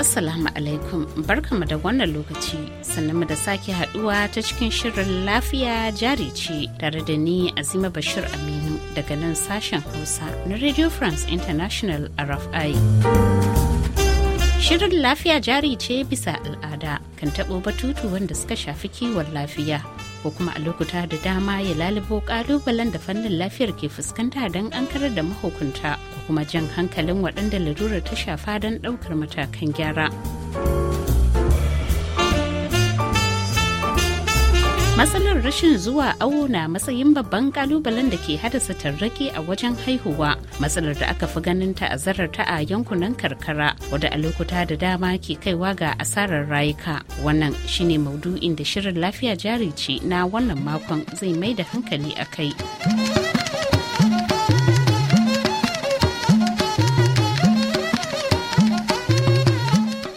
Assalamu alaikum barkamu da wannan lokaci sannan da sake haduwa ta cikin shirin lafiya jari ce tare da ni Azima Bashir Aminu daga nan sashen Hausa na Radio France International RFI. Shirin lafiya jari ce bisa al'ada kan taɓo batutu wanda suka shafi kiwon lafiya ko kuma a lokuta da dama ya lalubo ƙalubalen da fannin lafiyar ke fuskanta don an karar da mahukunta kuma jan hankalin waɗanda larurar ta shafa don ɗaukar matakan gyara. matsalar rashin zuwa awo na matsayin babban kalubalen da ke haddasa tarraki a wajen haihuwa matsalar da aka fi ganin ta a ta a yankunan karkara wadda a lokuta da dama ke kaiwa ga asarar rayuka wannan shine maudu'in da shirin lafiya jari ce na wannan makon zai mai da hankali a kai.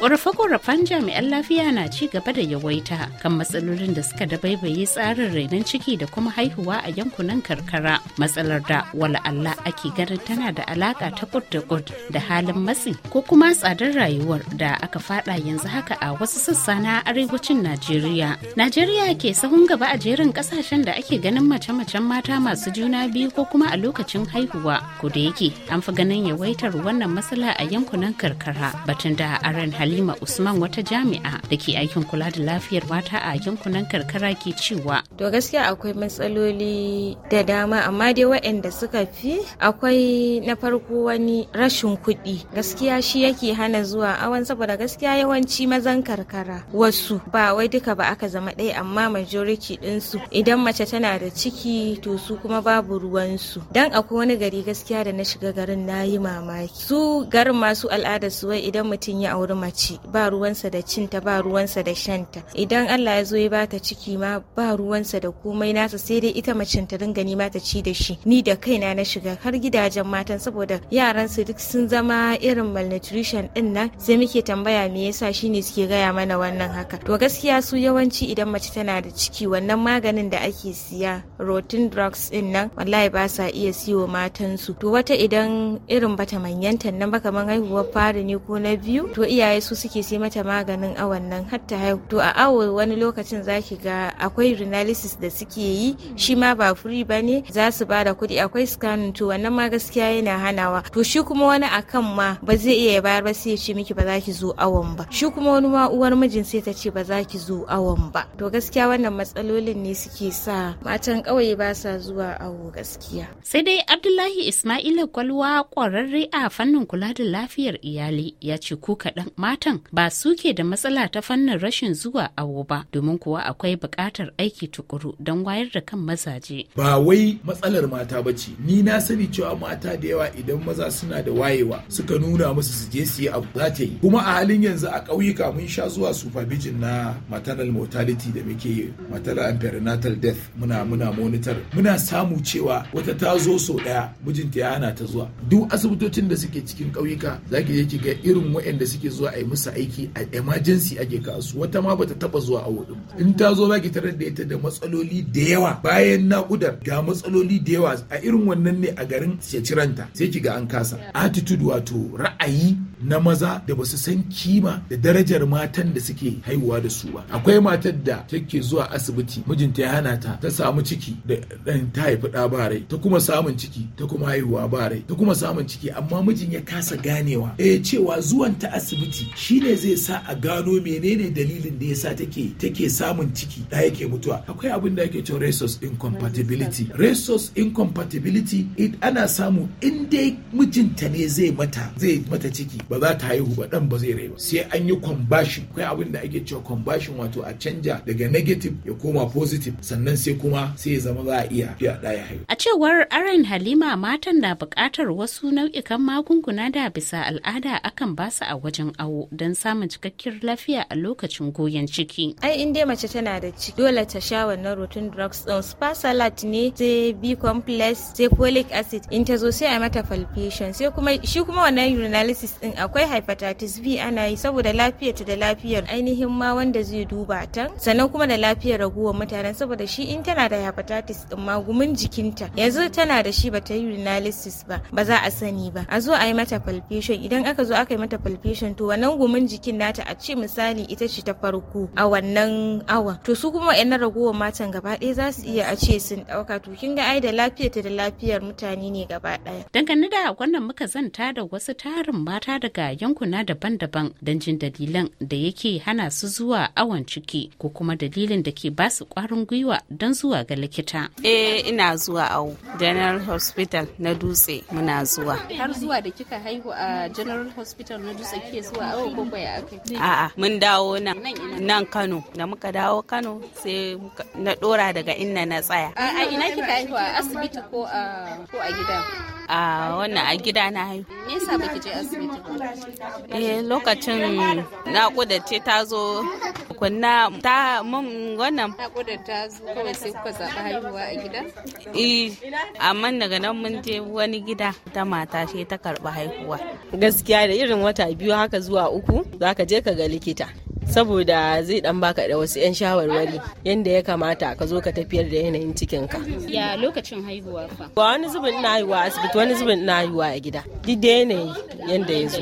ƙorafe-ƙorafen jami'an lafiya na ci gaba da yawaita kan matsalolin da suka dabaibaye tsarin renon ciki da kuma haihuwa a yankunan karkara matsalar da wala Allah ake ganin tana da alaka ta kud da kud da halin matsi ko kuma tsadar rayuwar da aka fada yanzu haka a wasu sassa na arewacin Najeriya. Najeriya ke sahun gaba a jerin kasashen da ake ganin mace-macen mata masu juna biyu ko kuma a lokacin haihuwa ko da yake an fi ganin yawaitar wannan matsala a yankunan karkara batun da aran hali Halima Usman wata jami'a da ke aikin kula da lafiyar mata a yankunan karkara ke cewa. To gaskiya akwai matsaloli da dama amma dai waɗanda suka fi akwai na farko wani rashin kuɗi gaskiya shi yake hana zuwa awon saboda gaskiya yawanci mazan karkara wasu ba wai duka ba aka zama ɗaya amma majority ɗinsu idan mace tana da ciki to su kuma babu ruwansu dan akwai wani gari gaskiya da na shiga garin na yi mamaki su garin masu al'adar su wai idan mutum ya auri mace ci ba ruwansa da cinta ba ruwansa da shanta idan Allah ya zo ya bata ciki ma ba ruwansa da komai nasa sai dai ita macen ta dinga nima ta ci da shi ni da kaina na shiga har gidajen matan saboda yaran su duk sun zama irin malnutrition din nan sai muke tambaya me yasa shi ne suke gaya mana wannan haka to gaskiya su yawanci idan mace tana da ciki wannan maganin da ake siya rotin drugs din nan wallahi ba sa iya siyo matan su to wata idan irin bata manyantan nan ba kamar haihuwar fari ne ko na biyu to iyaye su su suke sai mata maganin awon nan har ta haihu to a awo wani lokacin zaki ga akwai renalysis da suke yi shi ma ba free ba ne za su ba da kuɗi akwai scanning to wannan ma gaskiya yana hanawa to shi kuma wani akan ma ba zai iya bayar ba sai ya ce miki ba za ki zo awon ba shi kuma wani ma uwar mijin sai ta ce ba za ki zo awon ba to gaskiya wannan matsalolin ne suke sa matan ƙauye ba sa zuwa awo gaskiya sai dai abdullahi ismaila kwalwa kwararre a fannin kula da lafiyar iyali ya ce ku kaɗan mata matan ba suke da matsala ta fannin rashin zuwa awo ba domin kuwa akwai buƙatar aiki tukuru don wayar da kan mazaje. Ba wai matsalar mata ba ce, ni na sani cewa mata da yawa idan maza suna da wayewa suka nuna musu su je su yi abu za ta yi. Kuma a halin yanzu a ƙauyuka mun sha zuwa supervision na maternal mortality da muke maternal and perinatal death muna muna monitor. Muna samu cewa wata ta zo sau ɗaya mijinta ya hana ta zuwa. Duk asibitocin da suke cikin ƙauyuka zaki je ki ga irin waɗanda suke zuwa a yi bisa aiki a emergency ake kasu wata ma bata taba zuwa a din in ta zo baki tarar da ita da matsaloli da yawa bayan naƙudar ga matsaloli da yawa a irin wannan ne a garin ciranta sai ki ga an kasa attitude wato ra'ayi na maza da basu san kima da darajar matan da suke haihuwa da su ba akwai matar da take zuwa asibiti mijinta ya hana ta ta samu ciki da dan ta haifi da ba rai ta kuma samun ciki ta kuma haihuwa ba rai ta kuma samun ciki amma mijin ya kasa ganewa eh cewa zuwan ta asibiti Shi ne zai sa a gano menene dalilin da yasa take take samun ciki da yake mutuwa akwai abin da ake cewa resource incompatibility resource incompatibility it ana samu in dai mijinta ne zai mata zai mata ciki ba za ta haihu ba dan ba zai rayu sai an yi conversion akwai abin da ake cewa conversion wato a canja daga negative ya koma positive sannan sai kuma sai ya zama za a iya fiya daya haihu a cewar aran halima matan na bukatar wasu nau'ikan magunguna da bisa al'ada akan basu a wajen awo don samun cikakkiyar lafiya a lokacin goyon ciki. Ai in dai mace tana da ciki dole ta sha wannan rotun drugs din spa salad ne sai B complex sai folic acid in ta zo sai a mata palpation sai kuma shi kuma wannan urinalysis ɗin akwai hepatitis B ana yi saboda lafiyar ta da lafiyar ainihin ma wanda zai duba ta sannan kuma da lafiyar raguwar mutanen saboda shi in tana da hepatitis ɗin magumin gumin jikinta yanzu tana da shi ta yi urinalysis ba ba za a sani ba a zo a yi mata palpation idan aka zo aka yi mata palpation to wannan wannan jikin nata a ce misali ita ce ta farko a wannan awa to su kuma wa'annan ragowar matan gaba ɗaya za su iya a ce sun ɗauka to kin ga ai da ta da lafiyar mutane ne gaba ɗaya. Dangane da wannan muka zanta da wasu tarin mata daga yankuna daban-daban don jin dalilan da yake hana su zuwa awon ciki ko kuma dalilin da ke ba su ƙwarin gwiwa don zuwa ga likita. Eh ina zuwa awo General Hospital na Dutse muna zuwa. Har zuwa da kika haihu a General Hospital na Dutse ke zuwa awo a a a'a mun dawo nan Kano da muka dawo Kano sai na dora daga inna na tsaya a ina kika haihuwa asibiti ko a gida a wannan a gida na haihu. Me baki je asibiti? Eh lokacin naƙuda ce ta zo kunna ta mun wannan. ta zo kawai sai kuka zaɓi haihuwa a gida? Eh amma daga nan mun je wani gida ta mata sai ta karba haihuwa. Gaskiya da irin wata biyu haka zuwa uku zaka je ka ga likita. saboda zai dan baka da wasu 'yan shawarwari yadda ya kamata ka zo ka tafiyar da yanayin cikinka. Ya lokacin haihuwa fa. Ba wani zubin na haihuwa asibiti wani zubin na haihuwa a gida. Duk da yanayi yadda ya zo.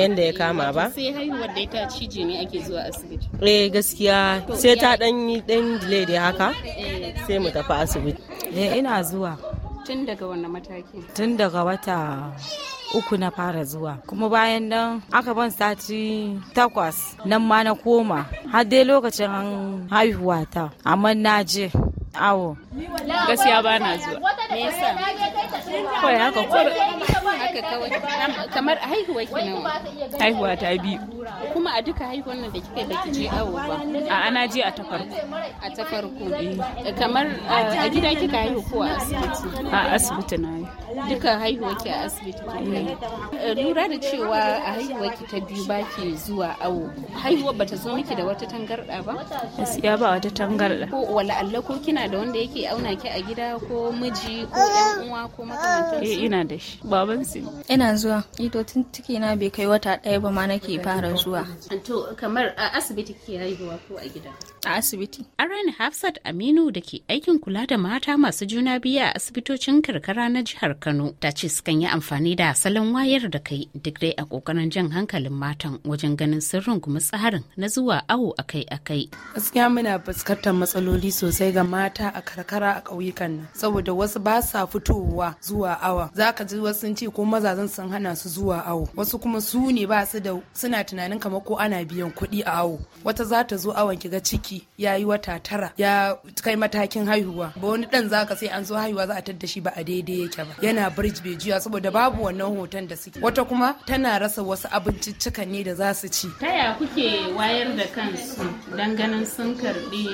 Yadda eh, ya kama ba. Sai haihuwar da ta cije ne ake zuwa asibiti. Eh gaskiya sai ta dan yi dan delay da haka eh. sai mu tafi asibiti. Eh ina zuwa. Tun daga wannan mataki? Tun daga wata uku na fara zuwa kuma bayan nan aka ban sati takwas nan ma na koma har dai lokacin haihuwa ta amma na je awo gaskiya ba na zuwa me yasa kawai haka kawai kamar haihuwa kenan haihuwa ta biyu kuma a duka haihuwar da kika baki je awo ba a ana je a ta farko a ta farko eh. kamar eh, a gida kika haihu ko a asibiti a asibiti na yi duka haihuwa ki a asibiti kika eh, lura da cewa a haihuwar ki ta biyu ba ki zuwa awo Haihuwar bata zo miki da wata tangarda ba gaskiya ba wata tangarda ko wala Allah ko kina da wanda yake auna ki a gida ko miji ko yan uwa ko makamantan eh ina da shi baban ina zuwa Ido tun ciki na bai kai wata daya ba ma nake fara zuwa kamar a asibiti ke haihuwa ko a gida a asibiti. An rani Hafsat Aminu da ke aikin kula da mata masu juna biyu a asibitocin karkara na jihar Kano ta ce sukan yi amfani da salon wayar da kai duk dai a kokarin jan hankalin matan wajen ganin sirrin kuma tsarin na zuwa awo akai-akai. Gaskiya muna fuskantar matsaloli sosai ga mata a karkara a ƙauyukan nan saboda wasu ba sa fitowa zuwa awa za ka ji wasu sun ce ko mazazan sun hana su zuwa awo wasu kuma su ne ba su da suna tunanin kamar ko ana biyan kuɗi a awo wata za ta zo awon ki ga ciki ciki ya yi wata tara ya kai matakin haihuwa ba wani dan zaka sai an zo haihuwa za a tadda shi ba a daidai yake ba yana birji bai juya saboda babu wannan hoton da suke wata kuma tana rasa wasu abinciccikan ne da za su ci taya kuke wayar da kansu dan ganin sun karbi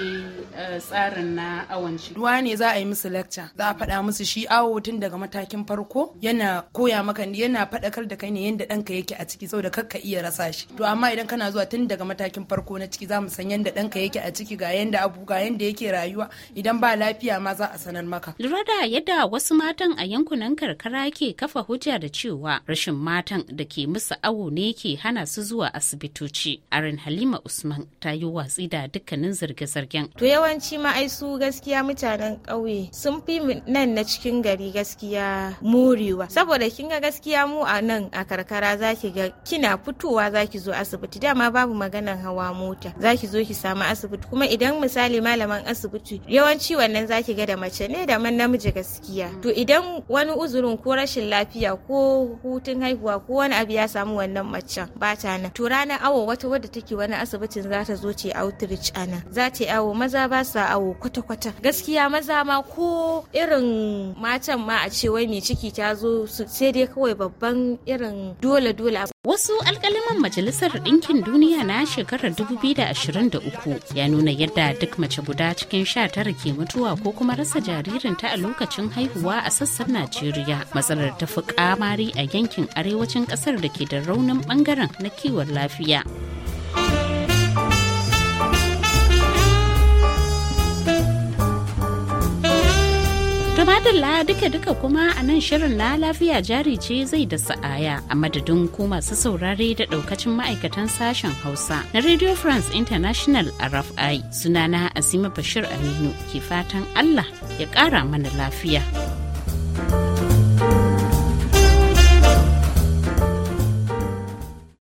eh, tsarin na awon ciki duwa ne za a yi musu lecture za a faɗa musu shi awo tun daga matakin farko yana koya maka yana faɗakar da kai ne yadda ɗanka yake a ciki saboda kakka iya rasa shi to amma idan kana zuwa tun daga matakin farko na ciki za mu san yadda ɗanka yake a ciki ga yanda abu ga yanda yake rayuwa idan ba lafiya ma za a sanar maka lura da yadda wasu matan a yankunan karkara ke kafa hujja da cewa rashin matan da ke musu awo ne ke hana su zuwa asibitoci arin halima usman ta yi watsi da dukkanin zirge-zirgen to yawanci ma ai su gaskiya mutanen ƙauye sun fi nan na cikin gari gaskiya murewa saboda kin ga gaskiya mu a nan a karkara zaki ga kina fitowa zaki zo asibiti dama babu maganan hawa mota zaki zo ki samu asibiti asibiti kuma idan misali malaman asibiti yawanci wannan zaki ga da mace ne da man namiji gaskiya to idan wani uzurin ko rashin lafiya ko hutun haihuwa ko wani abu ya samu wannan macen ba ta nan to ranar awo wata wadda take wani asibitin za ta zo ce outreach ana za ta awo maza ba sa awo kwata-kwata gaskiya maza ma ko irin matan ma a ce wai mai ciki ta zo sai dai kawai babban irin dole-dole Wasu alkaliman Majalisar Ɗinkin Duniya na shekarar 2023 ya nuna yadda duk mace guda cikin sha tara ke mutuwa ko kuma rasa jaririnta a lokacin haihuwa a sassan Najeriya. Matsalar ta fi kamari a yankin arewacin ƙasar da ke da raunin ɓangaren na kiwon lafiya. saurara duka-duka kuma a nan shirin na lafiya jari ce zai da sa'aya a madadin ku masu saurare da daukacin ma'aikatan sashen Hausa na Radio France International RFI sunana Azima Bashir Aminu ke fatan Allah ya ƙara mana lafiya.